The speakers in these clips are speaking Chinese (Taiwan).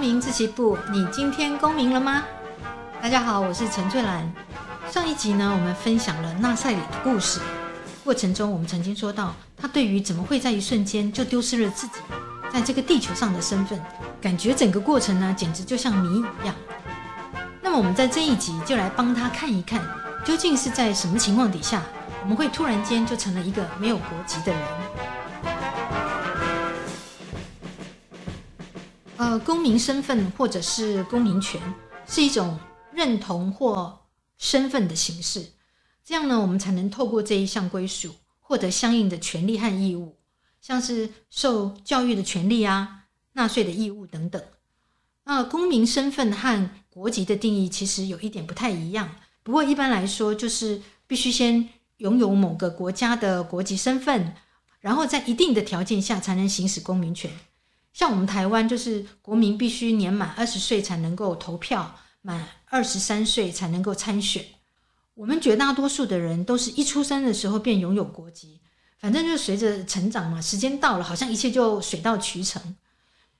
公民自習簿，你今天公民了嗎？大家好，我是陳翠蘭。上一集呢，我們分享了納賽里的故事。過程中，我們曾經說到，他對於怎麼會在一瞬間就丟失了自己在這個地球上的身份，感覺整個過程呢，簡直就像謎一樣。那麼，我們在這一集就來幫他看一看，究竟是在什麼情況底下，我們會突然間就成了一個沒有國籍的人。公民身份或者是公民權，是一種認同或身份的形式。這樣呢，我們才能透過這一項歸屬，獲得相應的權利和義務，像是受教育的權利啊、納稅的義務等等。那公民身份和國籍的定義其實有一點不太一樣，不過一般來說，就是必須先擁有某個國家的國籍身份，然後在一定的條件下，才能行使公民權。像我們台灣，就是國民必須年滿二十歲才能夠投票，滿二十三歲才能夠參選。我們絕大多數的人都是一出生的時候便擁有國籍，反正就隨着成長嘛，時間到了，好像一切就水到渠成。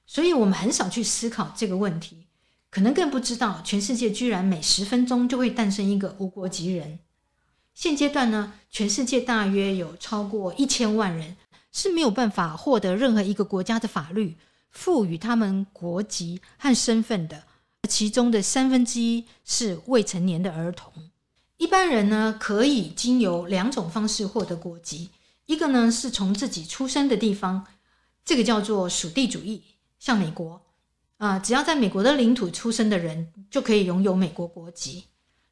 所以我們很少去思考這個問題，可能更不知道全世界居然每十分鐘就會誕生一個無國籍人。現階段呢，全世界大約有超過一千萬人是沒有辦法獲得任何一個國家的法律賦予他們國籍和身份的，其中的三分之一是未成年的兒童。一般人呢，可以經由兩種方式獲得國籍：一個呢是從自己出生的地方，這個叫做屬地主義，像美國啊，只要在美國的領土出生的人就可以擁有美國國籍；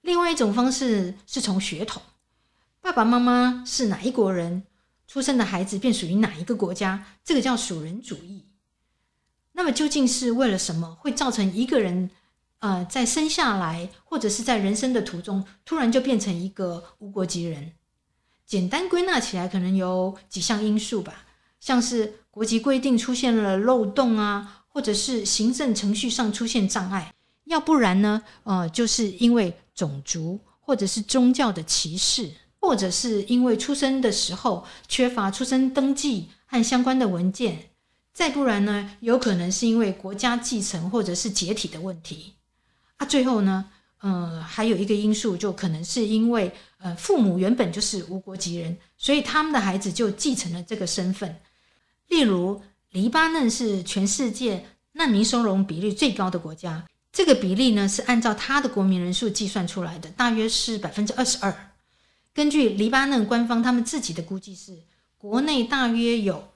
另外一種方式是從血統，爸爸媽媽是哪一國人，出生的孩子便屬於哪一個國家，這個叫屬人主義。那麼究竟是為了什麼會造成一個人，呃，在生下來或者是在人生的途中突然就變成一個無國籍人？簡單歸納起來，可能有幾項因素吧，像是國籍規定出現了漏洞啊，或者是行政程序上出現障礙，要不然呢，呃，就是因為種族或者是宗教的歧視，或者是因為出生的時候缺乏出生登記和相關的文件。再不然呢，有可能是因為國家繼承或者是解體的問題啊。最後呢，呃，還有一個因素，就可能是因為呃，父母原本就是無國籍人，所以他們的孩子就繼承了這個身份。例如，黎巴嫩是全世界難民收容比例最高的國家，這個比例呢是按照他的國民人數計算出來的，大約是百分之二十二。根據黎巴嫩官方他們自己的估計是，是國內大約有，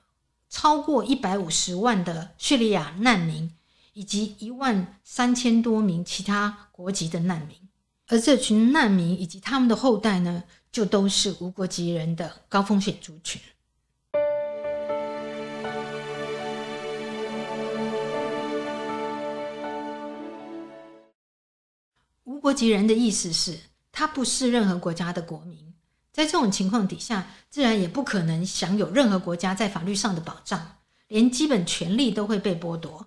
超過一百五十萬的敘利亞難民，以及一萬三千多名其他國籍的難民，而這群難民以及他們的後代呢，就都是無國籍人的高風險族群。無國籍人的意思是，他不是任何國家的國民。在這種情況底下，自然也不可能享有任何國家在法律上的保障，連基本權利都會被剝奪，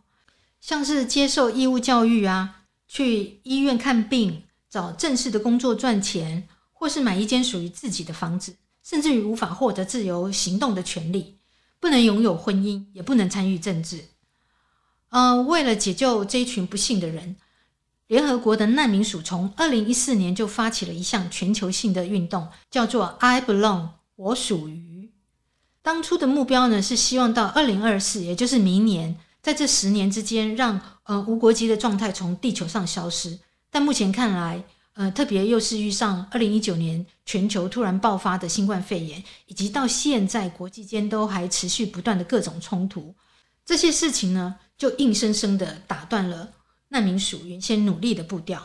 像是接受義務教育啊，去醫院看病，找正式的工作賺錢，或是買一間屬於自己的房子，甚至於無法獲得自由行動的權利，不能擁有婚姻，也不能參與政治。呃，為了解救這一群不幸的人。聯合國的難民署從二零一四年就發起了一項全球性的運動，叫做 “I belong”，我屬於。當初的目標呢，是希望到二零二四，也就是明年，在這十年之間，讓，讓呃無國籍的狀態從地球上消失。但目前看來，呃，特別又是遇上二零一九年全球突然爆發的新冠肺炎，以及到現在國際間都還持續不斷的各種衝突，這些事情呢，就硬生生地打斷了。難民署原先努力的步調，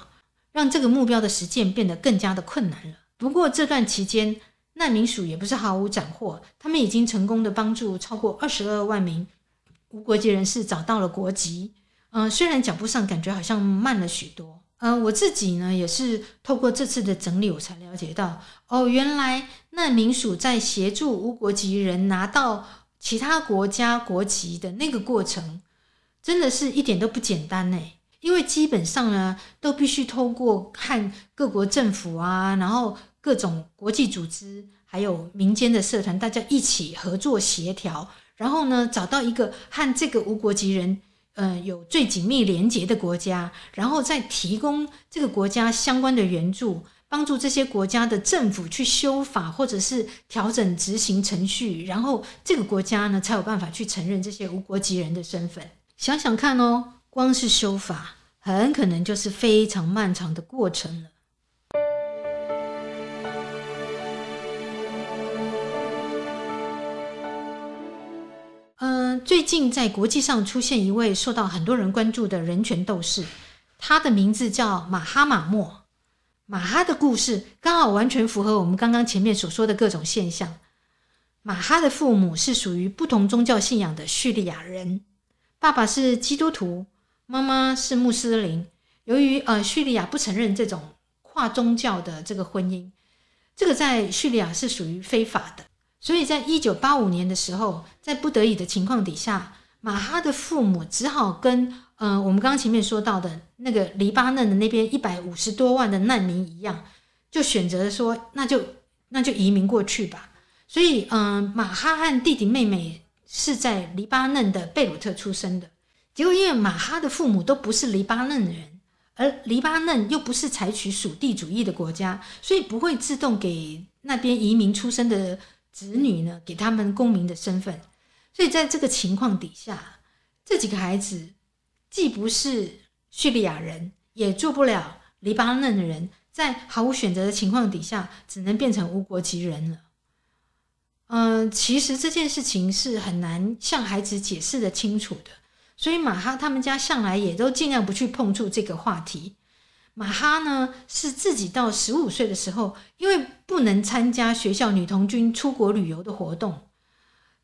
讓這個目標的實踐變得更加的困難了。不過這段期間，難民署也不是毫無斬獲，他們已經成功的幫助超過二十二萬名無國籍人士找到了國籍。嗯、呃，雖然腳步上感覺好像慢了許多。呃，我自己呢也是透過這次的整理，我才了解到，哦，原來難民署在協助無國籍人拿到其他國家國籍的那個過程，真的是一點都不簡單呢。因為基本上呢，都必須透過和各國政府啊，然後各種國際組織，還有民間的社團，大家一起合作協調，然後呢，找到一個和這個無國籍人，嗯、呃，有最緊密連結的國家，然後再提供這個國家相關的援助，幫助這些國家的政府去修法或者是調整執行程序，然後這個國家呢，才有辦法去承認這些無國籍人的身份。想想看哦。光是修法，很可能就是非常漫長的過程了。嗯，最近在國際上出現一位受到很多人關注的人權鬥士，他的名字叫馬哈馬莫。馬哈的故事剛好完全符合我們剛剛前面所說的各種現象。馬哈的父母是屬於不同宗教信仰的敘利亞人，爸爸是基督徒。媽媽是穆斯林，由於呃敘利亞不承認這種跨宗教的這個婚姻，這個在敘利亞是屬於非法的，所以在一九八五年的時候，在不得已的情況底下，馬哈的父母只好跟呃我們剛剛前面說到的那個黎巴嫩的那邊一百五十多萬的難民一樣，就選擇說，那就那就移民過去吧。所以嗯、呃，馬哈和弟弟妹妹是在黎巴嫩的貝魯特出生的。結果，因為馬哈的父母都不是黎巴嫩的人，而黎巴嫩又不是採取屬地主義的國家，所以不會自動給那邊移民出生的子女呢，給他們公民的身份。所以，在這個情況底下，這幾個孩子既不是敘利亞人，也做不了黎巴嫩的人，在毫無選擇的情況底下，只能變成無國籍人了。嗯、呃，其實這件事情是很難向孩子解釋得清楚的。所以馬哈他們家向來也都盡量不去碰觸這個話題。馬哈呢，是自己到十五歲的時候，因為不能參加學校女童軍出國旅遊的活動，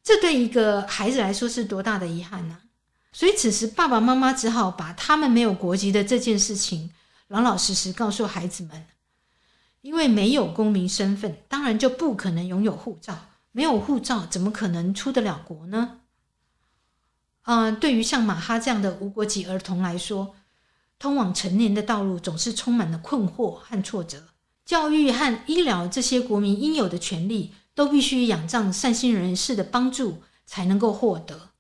這對一個孩子來說是多大的遺憾呢、啊？所以此時爸爸媽媽只好把他們沒有國籍的這件事情，老老實實告訴孩子們。因為沒有公民身份，當然就不可能擁有護照。沒有護照，怎麼可能出得了國呢？嗯、呃，對於像馬哈這樣的無國籍兒童來說，通往成年的道路總是充滿了困惑和挫折。教育和醫療這些國民應有的權利，都必須仰仗善心人士的幫助才能夠獲得。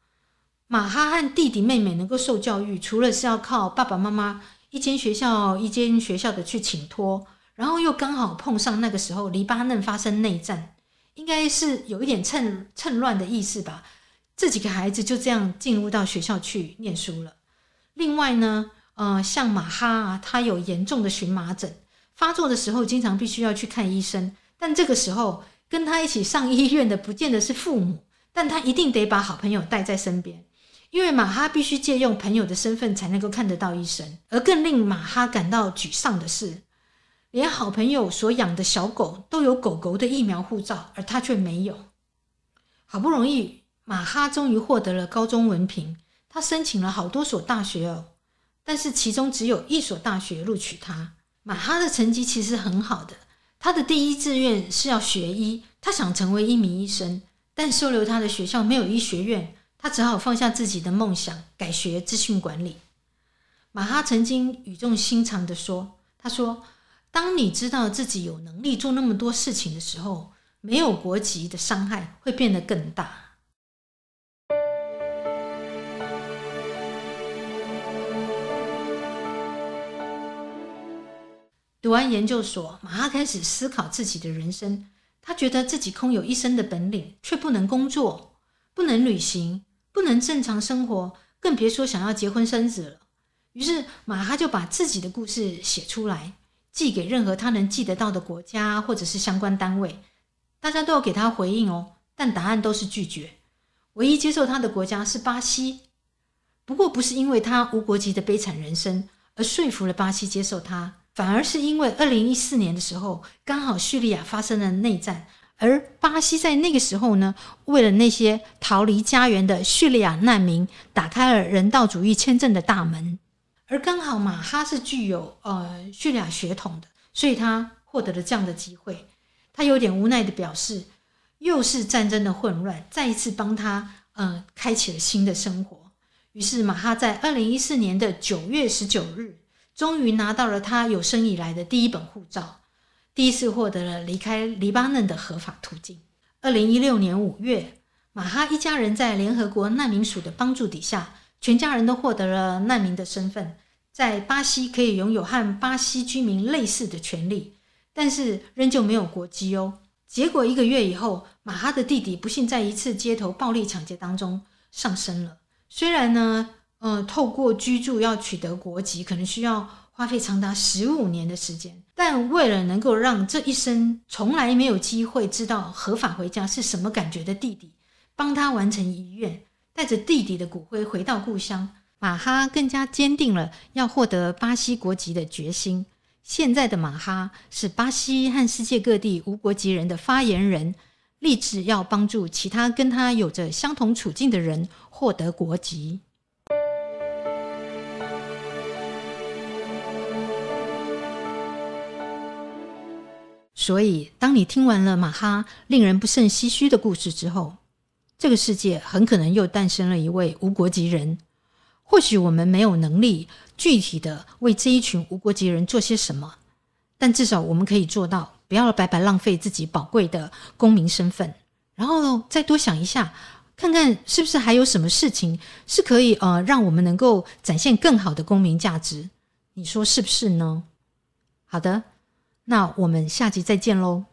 馬哈和弟弟妹妹能夠受教育，除了是要靠爸爸媽媽一間學校一間學校的去請托，然後又剛好碰上那個時候黎巴嫩發生內戰，應該是有一點趁趁亂的意思吧。這幾個孩子就這樣進入到學校去念書了。另外呢，呃，像馬哈啊，他有嚴重的蕁麻疹發作的時候，經常必須要去看醫生。但這個時候跟他一起上醫院的，不見得是父母，但他一定得把好朋友帶在身邊，因為馬哈必須借用朋友的身份才能夠看得到醫生。而更令馬哈感到沮喪的是，連好朋友所養的小狗都有狗狗的疫苗護照，而他卻沒有。好不容易。馬哈終於獲得了高中文憑，他申請了好多所大學哦，但是其中只有一所大學錄取他。馬哈的成績其實很好的，他的第一志願是要學醫，他想成為一名醫生，但收留他的學校沒有醫學院，他只好放下自己的夢想，改學資訊管理。馬哈曾經語重心長地說，他說，當你知道自己有能力做那麼多事情的時候，沒有國籍的傷害會變得更大。讀完研究所，瑪哈開始思考自己的人生。他覺得自己空有一身的本領，卻不能工作，不能旅行，不能正常生活，更別說想要結婚生子了。於是，瑪哈就把自己的故事寫出來，寄給任何他能寄得到的國家或者是相關單位，大家都要給他回應哦。但答案都是拒絕，唯一接受他的國家是巴西，不過不是因為他無國籍的悲慘人生而說服了巴西接受他。反而是因為二零一四年的時候，剛好敘利亞發生了內戰，而巴西在那個時候呢，為了那些逃離家園的敘利亞難民，打開了人道主義簽證的大門。而剛好馬哈是具有呃敘利亞血統的，所以他獲得了這樣的機會。他有點無奈地表示，又是戰爭的混亂，再一次幫他呃開啟了新的生活。於是馬哈在二零一四年的九月十九日，終於拿到了他有生以來的第一本護照，第一次獲得了離開黎巴嫩的合法途徑。二零一六年五月，馬哈一家人在聯合國難民署的幫助底下，全家人都獲得了難民的身份，在巴西可以擁有和巴西居民類似的權利，但是仍舊沒有國籍哦。結果一個月以後，馬哈的弟弟不幸在一次街頭暴力搶劫當中喪生了。雖然呢。呃，透過居住要取得國籍，可能需要花費長達十五年的時間。但為了能夠讓這一生從來沒有機會知道合法回家是什麼感覺的弟弟，幫他完成遺願，帶着弟弟的骨灰回到故鄉，瑪哈更加堅定了要獲得巴西國籍的決心。現在的瑪哈是巴西和世界各地無國籍人的發言人，立志要幫助其他跟他有着相同處境的人獲得國籍。所以，當你聽完了瑪哈令人不勝唏噓的故事之後，這個世界很可能又誕生了一位無國籍人。或許我們沒有能力具體的為這一群無國籍人做些什麼，但至少我們可以做到，不要白白浪費自己寶貴的公民身份。然後再多想一下，看看是不是還有什麼事情是可以呃讓我們能夠展現更好的公民價值。你說是不是呢？好的。那我們下集再見嘍。